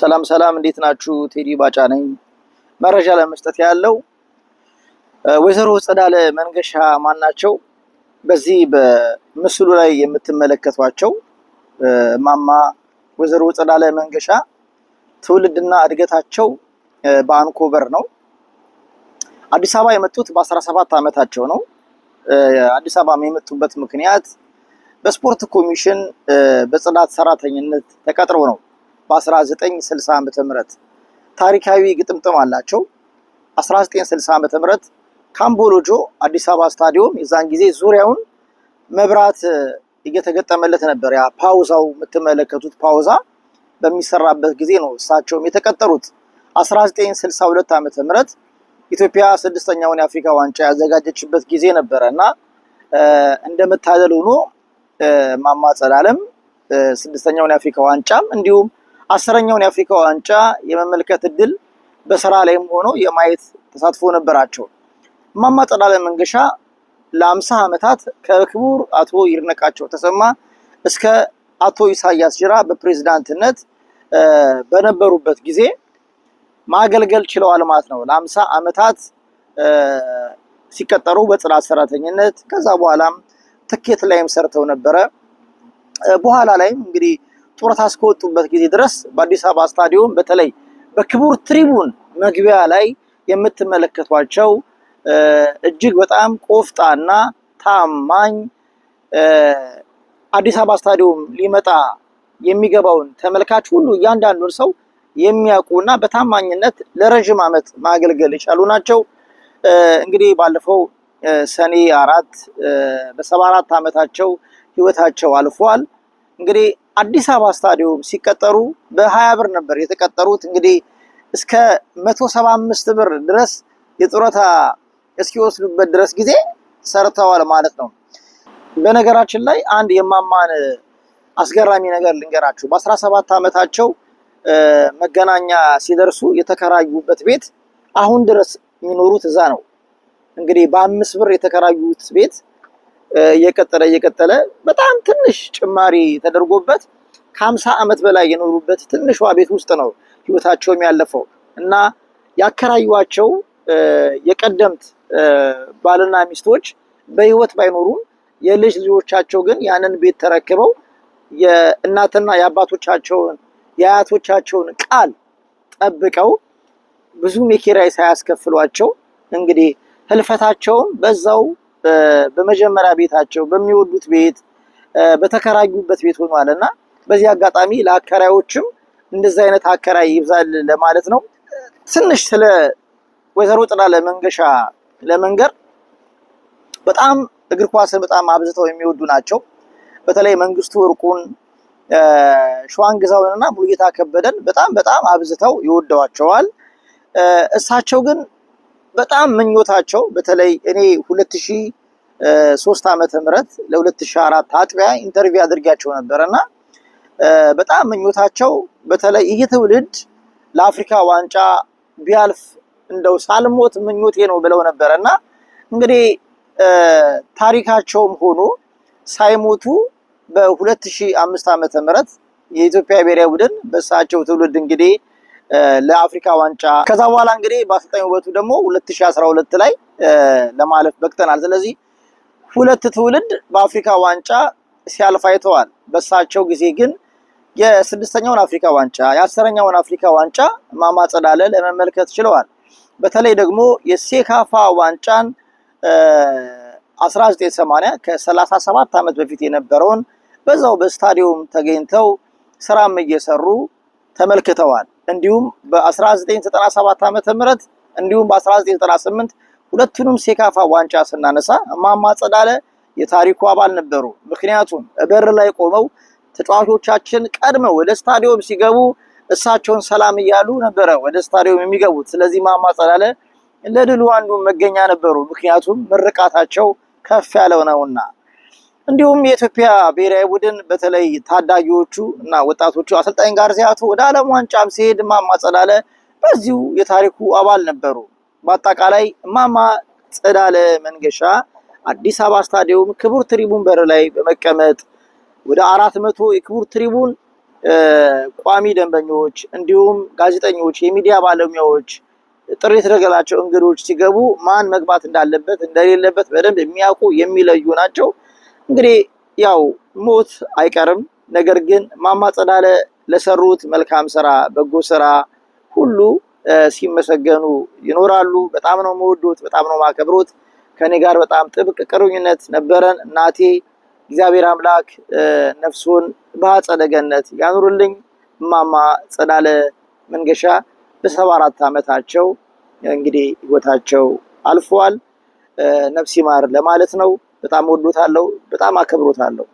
ሰላም ሰላም፣ እንዴት ናችሁ? ቴዲ ባጫ ነኝ። መረጃ ለመስጠት ያለው ወይዘሮ ጸዳለ መንገሻ ማን ናቸው? በዚህ በምስሉ ላይ የምትመለከቷቸው ማማ ወይዘሮ ጸዳለ መንገሻ ትውልድና እድገታቸው በአንኮበር ነው። አዲስ አበባ የመጡት በ17 ዓመታቸው ነው። አዲስ አበባ የመጡበት ምክንያት በስፖርት ኮሚሽን በጽዳት ሰራተኝነት ተቀጥረው ነው። በ1960 ዓመተ ምህረት ታሪካዊ ግጥምጥም አላቸው። 1960 ዓመተ ምህረት ካምቦሎጆ አዲስ አበባ ስታዲዮም የዛን ጊዜ ዙሪያውን መብራት እየተገጠመለት ነበር። ያ ፓውዛው የምትመለከቱት ፓውዛ በሚሰራበት ጊዜ ነው እሳቸውም የተቀጠሩት። 1962 ዓመተ ምህረት ኢትዮጵያ ስድስተኛውን የአፍሪካ ዋንጫ ያዘጋጀችበት ጊዜ ነበረ እና እንደምታደል ሆኖ ማማ ጸዳለም ስድስተኛውን የአፍሪካ ዋንጫም እንዲሁም አስረኛውን የአፍሪካ ዋንጫ የመመልከት እድል በስራ ላይም ሆኖ የማየት ተሳትፎ ነበራቸው። እማማ ጸዳለ መንገሻ ለአምሳ ዓመታት ከክቡር አቶ ይድነቃቸው ተሰማ እስከ አቶ ኢሳያስ ጅራ በፕሬዝዳንትነት በነበሩበት ጊዜ ማገልገል ችለዋል ማለት ነው። ለአምሳ ዓመታት ሲቀጠሩ በጽዳት ሰራተኝነት ከዛ በኋላም ትኬት ላይም ሰርተው ነበረ። በኋላ ላይም እንግዲህ ጡረታ እስከወጡበት ጊዜ ድረስ በአዲስ አበባ ስታዲዮም በተለይ በክቡር ትሪቡን መግቢያ ላይ የምትመለከቷቸው እጅግ በጣም ቆፍጣና ታማኝ አዲስ አበባ ስታዲዮም ሊመጣ የሚገባውን ተመልካች ሁሉ እያንዳንዱን ሰው የሚያውቁና በታማኝነት ለረዥም ዓመት ማገልገል የቻሉ ናቸው። እንግዲህ ባለፈው ሰኔ አራት በሰባ አራት ዓመታቸው ህይወታቸው አልፏል። እንግዲህ አዲስ አበባ ስታዲየም ሲቀጠሩ በሀያ ብር ነበር የተቀጠሩት። እንግዲህ እስከ መቶ ሰባ አምስት ብር ድረስ የጡረታ እስኪወስዱበት ድረስ ጊዜ ሰርተዋል ማለት ነው። በነገራችን ላይ አንድ የማማን አስገራሚ ነገር ልንገራችሁ። በአስራ ሰባት ዓመታቸው መገናኛ ሲደርሱ የተከራዩበት ቤት አሁን ድረስ የሚኖሩት እዛ ነው። እንግዲህ በአምስት ብር የተከራዩት ቤት እየቀጠለ እየቀጠለ በጣም ትንሽ ጭማሪ ተደርጎበት ከሀምሳ ዓመት በላይ የኖሩበት ትንሿ ቤት ውስጥ ነው ህይወታቸውም ያለፈው እና ያከራዩዋቸው የቀደምት ባልና ሚስቶች በህይወት ባይኖሩም የልጅ ልጆቻቸው ግን ያንን ቤት ተረክበው የእናትና የአባቶቻቸውን የአያቶቻቸውን ቃል ጠብቀው ብዙም የኪራይ ሳያስከፍሏቸው እንግዲህ ህልፈታቸውን በዛው በመጀመሪያ ቤታቸው በሚወዱት ቤት በተከራዩበት ቤት ሆኗል እና በዚህ አጋጣሚ ለአከራዮችም እንደዚህ አይነት አከራይ ይብዛል ለማለት ነው። ትንሽ ስለ ወይዘሮ ጥላለ መንገሻ ለመንገር በጣም እግር ኳስን በጣም አብዝተው የሚወዱ ናቸው። በተለይ መንግስቱ እርቁን ሸዋን ግዛውንና ሙሉጌታ ከበደን በጣም በጣም አብዝተው ይወደዋቸዋል። እሳቸው ግን በጣም ምኞታቸው በተለይ እኔ ሁለት ሺህ ሶስት ዓመተ ምህረት ለ2004 አጥቢያ ኢንተርቪው አድርጊያቸው ነበር እና በጣም ምኞታቸው በተለይ ይህ ትውልድ ለአፍሪካ ዋንጫ ቢያልፍ እንደው ሳልሞት ምኞቴ ነው ብለው ነበር እና እንግዲህ ታሪካቸውም ሆኖ ሳይሞቱ በ2005 ዓመተ ምህረት የኢትዮጵያ ብሔራዊ ቡድን በእሳቸው ትውልድ እንግዲህ ለአፍሪካ ዋንጫ ከዛ በኋላ እንግዲህ በአሰልጣኝ ውበቱ ደግሞ 2012 ላይ ለማለፍ በቅተናል። ስለዚህ ሁለት ትውልድ በአፍሪካ ዋንጫ ሲያልፍ አይተዋል። በሳቸው ጊዜ ግን የስድስተኛውን አፍሪካ ዋንጫ የአስረኛውን አፍሪካ ዋንጫ ማማ ፀዳለ ለመመልከት ችለዋል። በተለይ ደግሞ የሴካፋ ዋንጫን 1980 ከ37 ዓመት በፊት የነበረውን በዛው በስታዲየም ተገኝተው ስራም እየሰሩ ተመልክተዋል። እንዲሁም በ1997 ዓመተ ምህረት እንዲሁም በ1998 ሁለቱንም ሴካፋ ዋንጫ ስናነሳ እማማ ጸዳለ የታሪኩ አባል ነበሩ። ምክንያቱም በር ላይ ቆመው ተጫዋቾቻችን ቀድመው ወደ ስታዲየም ሲገቡ እሳቸውን ሰላም እያሉ ነበረ ወደ ስታዲየም የሚገቡት። ስለዚህ እማማ ጸዳለ ለድሉ አንዱ መገኛ ነበሩ። ምክንያቱም ምርቃታቸው ከፍ ያለው ነውና። እንዲሁም የኢትዮጵያ ብሔራዊ ቡድን በተለይ ታዳጊዎቹ እና ወጣቶቹ አሰልጣኝ ጋር ሲያቱ ወደ ዓለም ዋንጫም ሲሄድ እማማ ጸዳለ በዚሁ የታሪኩ አባል ነበሩ። በአጠቃላይ እማማ ጸዳለ መንገሻ አዲስ አበባ ስታዲየም ክቡር ትሪቡን በር ላይ በመቀመጥ ወደ አራት መቶ የክቡር ትሪቡን ቋሚ ደንበኞች እንዲሁም ጋዜጠኞች፣ የሚዲያ ባለሙያዎች፣ ጥሪ የተደረገላቸው እንግዶች ሲገቡ ማን መግባት እንዳለበት እንደሌለበት በደንብ የሚያውቁ የሚለዩ ናቸው። እንግዲህ ያው ሞት አይቀርም። ነገር ግን እማማ ጸዳለ ለሰሩት መልካም ስራ፣ በጎ ስራ ሁሉ ሲመሰገኑ ይኖራሉ። በጣም ነው መወዶት፣ በጣም ነው ማከብሮት። ከኔ ጋር በጣም ጥብቅ ቅርኝነት ነበረን። እናቴ እግዚአብሔር አምላክ ነፍሱን በአጸደ ገነት ያኑርልኝ። እማማ ጸዳለ መንገሻ በሰባ አራት ዓመታቸው እንግዲህ ህይወታቸው አልፈዋል። ነፍስ ይማር ለማለት ነው። በጣም ወዶታለሁ፣ በጣም አከብሮታለሁ።